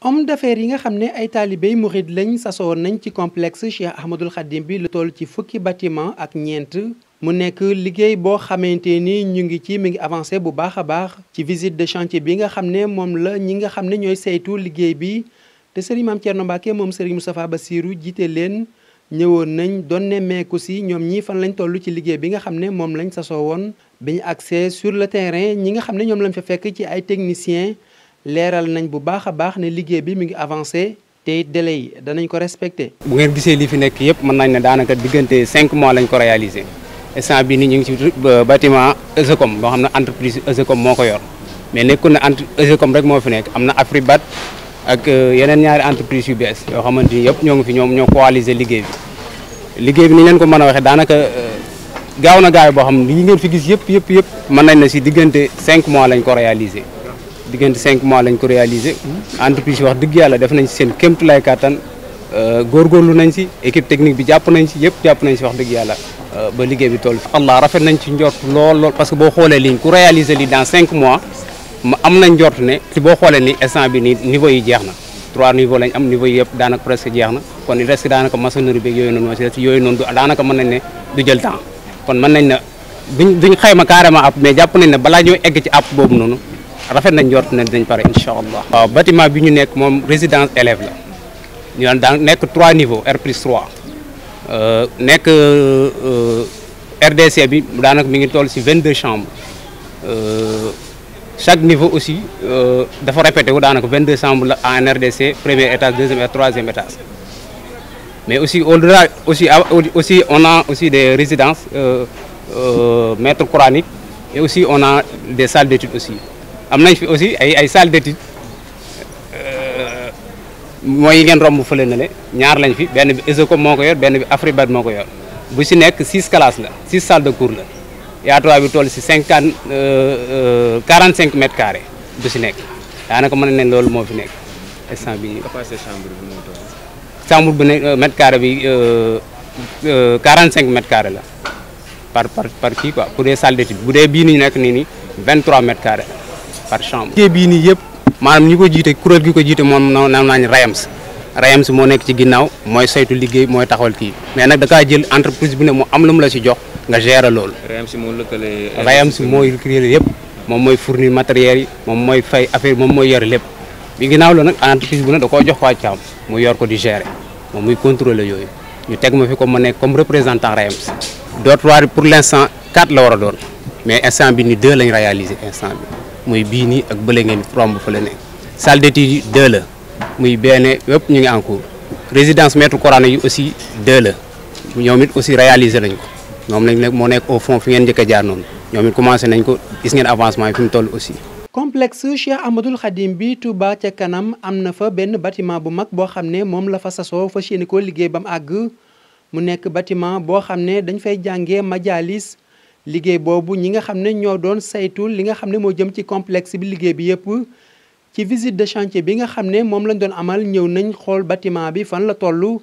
homme d'affaires yi nga xam ne ay taalibey murid lañ sasoo nañ ci complexe Cheikh Ahmadul Khadim bi la toll ci fukki bâtiment ak ñeent mu nekk liggéey boo xamante ni ñu ngi ci mi ngi avancé bu baax a baax ci visite de chantier bi nga xam ne moom la ñi nga xam ne ñooy saytu liggéey bi te sëriñ Maam Thierno Mbacke moom sëriñ Moustapha Bassirou leen ñëwoon nañ doon ne si ñoom ñii fan lañ toll ci liggéey bi nga xam ne moom lañ sasoo woon bi ñu accès sur le terrain ñi nga xam ne ñoom lañ fa fekk ci ay techniciens leeral nañ bu baax a baax ne liggéey bi mi ngi avancé te it délai yi danañ ko respecté. bu ngeen gisee li fi nekk yëpp mën nañ ne daanaka diggante 5 mois lañ ko réalisé instant bi ni ñu ngi ci bâtiment Ececom xam ne entreprise Ececom moo ko yor mais nekkul ne entre Ececom rek moo fi nekk am na Afribat ak euh, yeneen ñaari entreprise yu bees yoo xamante ni yëpp ñoo ngi fi ñoom ñoo coaliser liggéey liggéey bi ni leen ko mën a waxee daanaka euh, gaaw na gaaw boo xam ne li ngeen fi gis yëpp yëpp yëpp mën nañ ne si diggante cinq mois lañ ko réaliser diggante 5 mois lañ ko réalisé entreprise wax dëgg yàlla def nañ si seen kéemtulaay kàttan euh, góorgóorlu nañ si équipe technique bi jàpp nañ si wax dëgg yàlla euh, ba liggéey bi toll allah rafet nañ ci njort lool lool parce que boo xoolee liñ ku réaliser lii dans 5 mois ma am nañ njort ne si boo xoolee ni instant bi niveau yi jeex na trois niveau lañ am niveau yi yëpp daanaka presque jeex na kon il daanaka maçonnerie bi yooyu noonu daanaka mën nañ rafet nañ njort ne dinañ pare incha allah. waaw bâtiment bi ñu nekk moom résidence élève la ñu nekk trois niveaux R plus trois euh, nekk euh, RDC bi daanaka mi ngi toll si vingt deux chambres euh, chaque niveau aussi dafa répété wu daanaka vingt deux chambres la en RDC premier étage deuxième et troisième étage mais aussi au-delà aussi ah, aussi on a aussi des résidences maîtres coraniques et aussi on a des salles d'études aussi. am nañ fi aussi ay ay salle d'étude euh, mooy yi ngeen romb fële na le ñaar lañ fi benn bi ESECOM moo ko yor benn bi Afribat moo ko yor bu si nekk six classes la six salles de cours la yaatuwaay bi toll si cinquante euh, euh, quarante cinq mètres carrés bu si nekk daanaka mën nañ loolu moo fi nekk instant bi capacité chambre bi moo bu nekk mètre carré bi quarante cinq mètres carrés la par par par kii quoi pour des salles d'étude bu dee bii ni ñu nekk nii ni vingt trois par chambre. nii yëpp maanaam ñi ko jiite kuréel gi ko jiite moom na nañ RAEMS RAEMS moo nekk ci ginnaaw mooy saytu liggéey mooy taxawal kii mais nag da jël entreprise bu ne mu am lu la si jox nga gérer loolu. RAEMS moo lëkkale. RAEMS mooy lëkkale yëpp moom mooy fournir matériel yi moom mooy fay affaire moom mooy yor lépp bi ginnaaw loolu nag entreprise bu ne da koo jox ko Thiam mu yor ko di gere moom muy contrôler yooyu ñu teg ma fi comme ma nekk comme représentant RAEMS. dortoir pour l'instant quatre la war a doon mais instant bi ni deux lañ réalisé instant bi muy bii nii ak bële ngeen romb fa la ne salle d'étude la muy benn yëpp ñu ngi en résidence maître coranique yi aussi deux la ñoom aussi réalisé nañ ko ñoom lañ ne moo nekk au fond fi ngeen njëkk a jaar noonu ñoom it commencé nañ ko gis ngeen avancement yi fi mu toll aussi complexe Cheikh Ahmadoul Khadim bi Touba ca kanam am na fa benn bâtiment bu mag boo xam ne moom la fa sasoo fa yéene ko liggéey ba mu àgg mu nekk bâtiment boo xam ne dañ fay jàngee majalis liggéey boobu ñi nga xam ne ñoo doon saytu li nga xam ne moo jëm ci complexe bi liggéey bi yëpp ci visite de chantier bi nga xam ne moom lañ doon amal ñëw nañ xool batiment bi fan la toll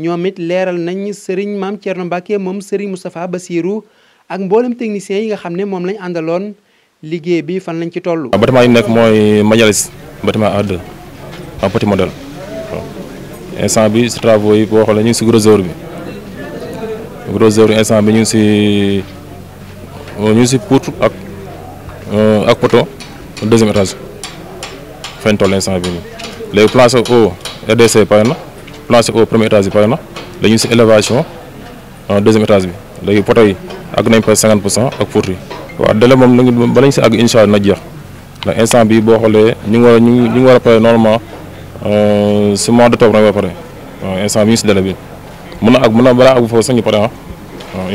ñoom it leeral nañ Serigne Mame Thierno Mbacké moom Serigne Moustapha Bassirou ak mboolem technicien yi nga xam ne moom lañ àndaloon liggéey bi fan lañ ci toll. bâtiment yi nekk mooy Majalis bâtiment A2 en petit modèle bi si travaux yi boo xoolee ñu ngi si gros œuvre si. Euh, ñu ngi si poutre ak euh, ak poteau deuxième étage fañ toll instant bi nii léegi placé au RDC pare na placé au premier étage bi pare na léegi si élévation deuxième étage bi léegi poteau yi àgg nañ presque cinquante pour cent ak poutre yi. waaw délai moom nañu bala ñu si àgg incha na jeex ndax instant bi boo xoolee ñu ngi war a ñu ngi war a pare normalement euh, si mois d'octobre nañ war a pare waaw instant bi ñu si délai bi mën na àgg mën na balaa àgg foofu sax ñu pare ah waaw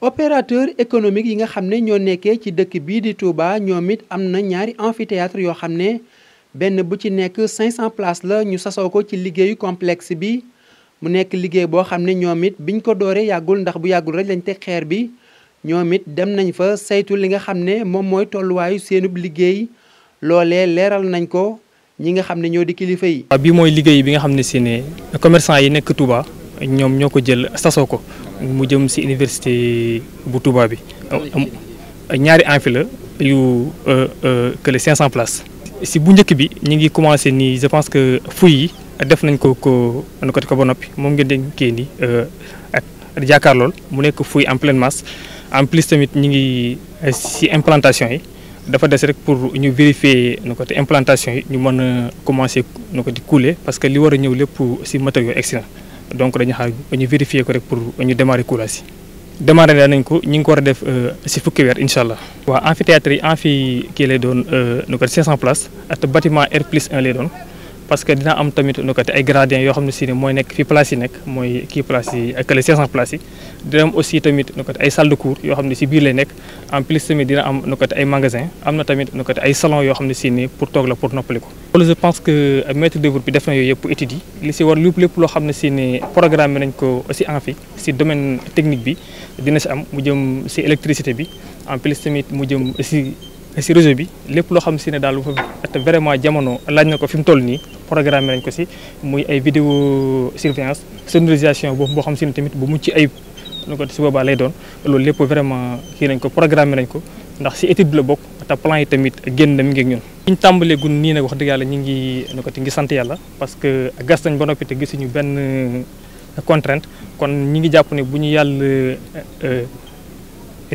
opérateur économique yi nga xam ne ñoo nekkee ci dëkk bii di Touba ñoom it am na ñaari amphithéâtre yoo xam ne benn bu ci nekk 500 places la ñu sasoo ko ci liggéeyu complexe bi mu nekk liggéey boo xam ne ñoom it biñ ko dooree yàggul ndax bu yàggul rek lañ teg xeer bi ñoom it dem nañ fa saytu li nga xam ne moom mooy tolluwaayu seenub liggéey loole leeral nañ ko ñi nga xam ne ñoo di kilifa yi. bi mooy liggéey bi nga xam ne si ne commerçant yi nekk Touba ñoom ñoo ko jël sasoo ko. mu jëm si université bu Touba bi ñaari amphi yu euh, euh, kële 500 place si bu njëkk bi ñu ngi commencé nii je pense que fouilles yi def nañ ko ko nu ko ba noppi moom ngeen di kii nii euh, ak jàkkaarlool mu nekk fouille en pleine masse en plus tamit ñu ngi si implantation yi dafa des rek pour ñu vérifier nu ko implantation yi ñu mën a commencé nu ko di couler parce que li war a ñëw lépp si matériaux excellents donc dañu xaar ñu vérifier ko rek pour ñu démarrer courage yi démarrer nañ ko ñi ngi ko a def euh, si fukki weer incha allah. waa amphithéâtre yi amphi kii lay doon euh, nu ko 500 places ak bâtiment R plus 1 lay doon. parce que dina am tamit nu côté ay gradins yoo xam ne si ne mooy nekk fi place yi nekk mooy kii place yi ak les am ne si biir lay nekk en plus tamit dina am nu côté ay magasin am na tamit nu côté ay salon yoo xam ne si pour toog la pour noppali ko loolu je pense que maître d'œuvre bi def na yooyu yëpp études li si war lépp lépp loo xam ne si programme nañ ko aussi en fi si domaine technique bi dina si am mu jëm si électricité bi en plus tamit mu jëm si réseau bi lépp loo xam si ne daal lu fa vraiment jamono laaj na ko fi mu toll nii programme nañ ko si muy ay vidéo surveillance sonorisation boobu boo xam si ne tamit bu mucc ayib nu ko si boobaa lay doon loolu lépp vraiment kii nañ ko programme nañ ko ndax si étude la bokk te plan yi tamit génn na mi ngi ak ñun. ñu tàmbalee gun nii nag wax dëgg yàlla ñu ngi nu ti ngi sant yàlla parce que gas nañ ba noppi te gisuñu benn contraint kon ñi ngi jàpp ne bu ñu yàlla. Euh,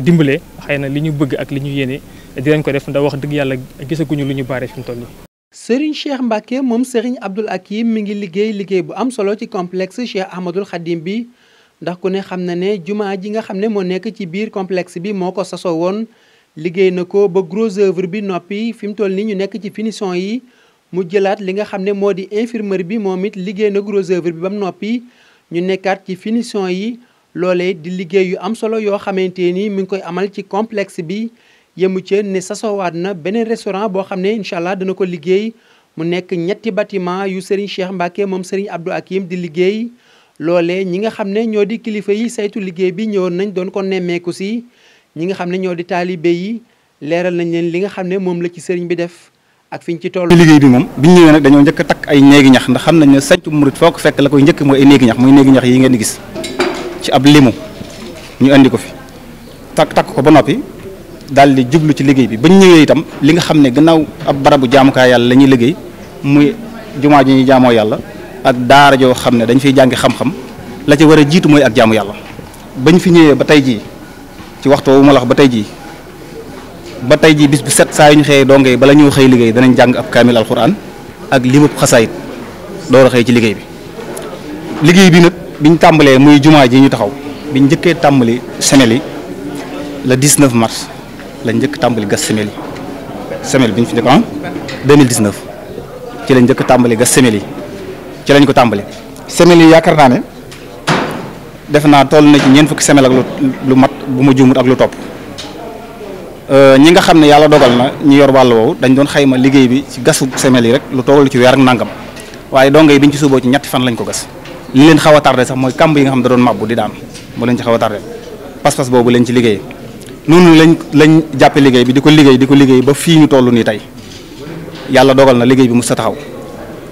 dimbalee xëy na li ñu bëgg ak li ñu yéene dinañ ko def ndax wax dëgg yàlla gisaguñu lu ñu baaree fi mu toll nii. Serigne Cheikh Mbacke moom Serigne Abdoul Hakim mi ngi liggéey liggéey bu am solo ci complexe Cheikh Ahmadul Khadim bi ndax ku ne xam na ne jumaa ji nga xam ne moo nekk ci biir complexe bi moo ko sasoo woon liggéey na ko ba gros bi noppi fi mu toll nii ñu nekk ci finition yi mu jëlaat li nga xam ne moo di infirmerie bi moom it liggéey na gros bi ba noppi ñu nekkaat ci finition yi. loole di liggéey yu am solo yoo xamante ni mi ngi koy amal ci complexe bi yemu ca ne sasowaat na beneen restaurant boo xam ne incha allah dana ko liggéey mu nekk ñetti bâtiment yu Serigne Cheikh Mbacke moom Serigne Abdou Hakim di liggéey loolee ñi nga xam ne ñoo di kilifa yi saytu liggéey bi ñëwoon nañ doon ko nemmeeku si ñi nga xam ne ñoo di taalibe yi leeral nañ leen li nga xam ne moom la ci sëriñ bi def ak ñu ci toll. liggéey bi moom bi ñu ñëwee nag dañoo njëkk ñax ndax nañ ne sàncu murit foo ko fekk la njëkk mooy ay néegi ñax muy ñax yi ngeen gis ci ab limu ñu indi ko fi takk takk ko ba noppi daal di jublu ci liggéey bi bañ ñëwee itam li nga xam ne gannaaw ab barabu jaamukaay yàlla la ñuy liggéey muy jumaa ji ñuy jaamoo yàlla ak daara joo xam ne dañ fiy jàngi xam-xam la ci war a jiitu mooy ak jaamu yàlla bañ fi ñëwee ba tey jii ci waxtu wu ma la ba tey jii ba tey jii bis bu set saa yu ñu xëyee donge yi bala ñoo xëy liggéey danañ jàng ab kaamil alxuraan ak limub xasaayit door a ci liggéey bi biñ tàmbalee muy jumaa ji ñu taxaw biñ njëkkee tàmbali semelle yi le 19 mars lañ njëkk tàmbali gas semelle yi semelle bi ñu fi njëkk ah 2019 ci lañ njëkk tàmbali gas semelle yi ci lañ ko tàmbali. semelle yi yaakaar naa ne def naa toll na ci ñeen fukki semel ak lu mat bu ma juumut ak lu topp euh, ñi nga xam ne yàlla dogal na ñu yor wàll woowu dañ doon xayma liggéey bi ci gasu semelle yi rek lu toll ci weer ak nangam waaye dongo yi biñ ci suuboo ci ñetti fan lañ ko gas. li leen xaw a tardé sax mooy kamb yi nga xam da doon mabbu di daan moo leen ci xaw a tardé pas boobu leen ci liggéey noonu lañ lañ jàppe liggéey bi di ko liggéey di ko liggéey ba fii ñu toll nii tey yàlla dogal na liggéey bi mu sa taxaw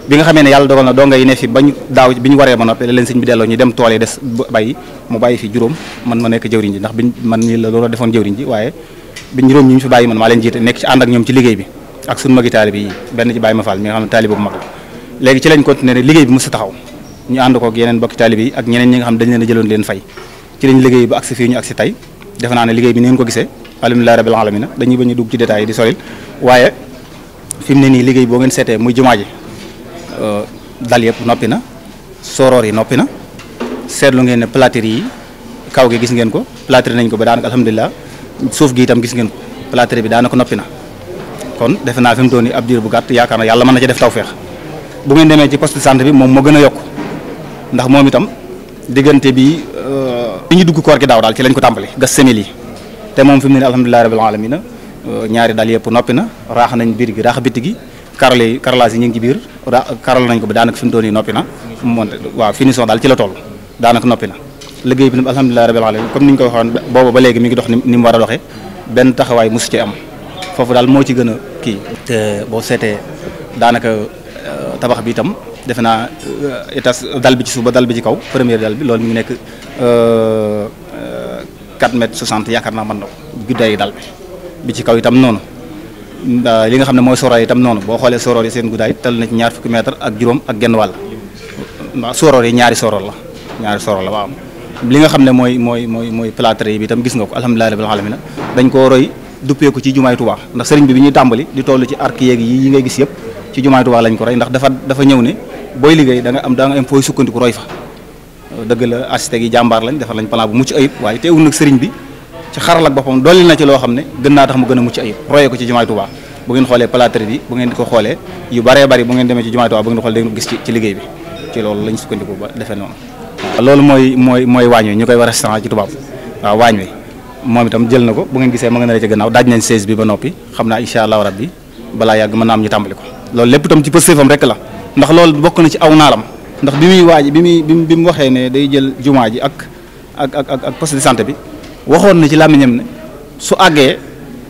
bi nga xamee ne yàlla dogal na donga ne fi bañ daaw bi ñu waree ba noppi la leen sëñ ñu dem tool yi des bay mu bàyyi fi juróom man ma nekk jëwriñ ji ndax biñ man ñi la loolu defoon jëwriñ ji waaye bi juróom ñu fi bàyyi man maa leen jiite nekk ci ànd ak ñoom ci liggéey bi ak suñu magi taalibe yi benn ci bàyyi ma faal mi nga xam ne taalibe bu mag léegi ci lañ continuer liggéey bi mu sa taxaw ñu ànd kook yeneen bokki taalib yi ak ñeneen ñi nga xam dañ leen a leen fay ci lañ liggéey ba agsi fii ñu agsi tey defe naa ne liggéey bi ni ngeen ko gisee alhamdulilah rabbil alamin fi mu ne nii liggéey boo ngeen seetee muy jumaa ji euh, dal yëpp noppi na soroor yi noppi na seetlu ngeen ne plâtre yi kaw gi gis ngeen ko plâtre nañ ko ba daanaka alhamdulilah suuf gi itam gis ngeen ko plâtre bi daanaka noppi na kon defe naa fi mu toll nii ab diir bu gàtt yaakaar na yàlla mën na ci def tawfeex bu ngeen demee ci poste de santé bi moom moo gën a yokk ndax moom itam diggante bi euh, bi ñu dugg koor gi daaw daal ci lañ ko tàmbali gas semil yi te moom fi mu ne alhamdulilahi rabil alamina euh, ñaari daal yëpp noppi na raax nañ biir gi raax bitti gi karole yi karolaas yi ñu ngi ci biir karol nañ ko ba daanaka fi mu doon yi noppi na moom waaw finition daal ci la toll daanaka noppi na liggéey bi nag alhamdulilahi rabil alamin comme ni ñu ko waxoon booba ba léegi mi ngi dox ni mu war a doxee benn taxawaay mosu ci am foofu daal moo ci gën a kii te boo seetee daanaka euh, tabax bi itam defe naa euh, étage dal bi ci suba ba dal bi ci kaw première dal bi loolu mu ngi nekk 4 mètre 60 yaakaar naa mën na ko guddaay dal bi ci kaw itam noonu li nga xam ne mooy soroor yi itam boo xoolee soroor yi seen guddaay tal na ñaar fukki ak juróom ak genn wàll waaw soroor ñaari soroor la ñaari soroor la li nga xam ne mooy mooy mooy mooy plâtre yi bi itam gis nga ko alhamdulilah rabbil alamin dañ koo roy duppeeku ci jumaay Tuubaa ndax sëriñ bi bi ñuy tàmbali di toll ci arc yeeg yi yi ngay gis yëpp ci jumaay Tuubaa lañ ko roy ndax dafa dafa ñëw ne booy liggéey da nga am da nga am fooy sukkandiku roy fa dëgg la architecte yi jàmbaar lañ defar lañ plan bu mucc ayib waaye teewul nag sëriñ bi ci xaral ak boppam dolli na ci loo xam ne gën naa tax mu gën a mucc ayib royee ko ci jumaay Tuubaa bu ngeen xoolee plâtre bi bu ngeen ko xoolee yu baree bari bu ngeen demee ci jumaay Tuubaa bu ngeen xoolee da ngeen gis bi ci mooy mooy mooy waañ wi ñu koy wax restaurant ci tubaab waaw waañ wi moom itam jël na ko bu ngeen gisee ma nga na la ca gannaaw daaj nañ 16 bi ba noppi xam naa incha allah rabbi balaa yàgg mën naa am ñu tàmbali ko loolu lépp itam ci pëstéefam la ndax loolu bokk na ci aw naalam ndax bi muy waaj bi muy bi mu waxee ne day jël jumaa ji ak ak ak ak ak poste de santé bi waxoon na ci làmmiñam ne su àggee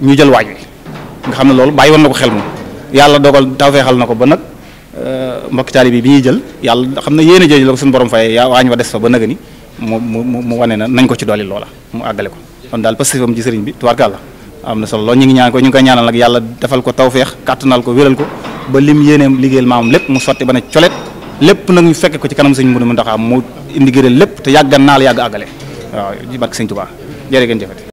ñu jël waañ wi nga xam ne lool bàyyi woon na ko xel moom yàlla dogal tawfeexal na ko ba nag euh, mbokk taali bi bi ñuy jël yàlla xam ne yéen a jël la ko suñu borom fay yaa waañ wa des fa ba naga ni mu mu mu wane na nañ ko ci dolli loola mu àggale ko kon daal pasifam ci sëriñ bi tubaarkàlla am na solo loolu ñu ngi ñaan ko ñu ngi koy ñaanal nag yàlla defal ko tawféex kàttanal ko wéral ko ba lim yéeneem liggéeyal maamam lépp mu sotti ba ne colet lépp nag ñu fekk ko ci kanam sëñ Mourou Mountakha mu indi gëral lépp te yàggan naal yàgg àggale waaw barke sëñ Tuubaa jërë ngeen jëfati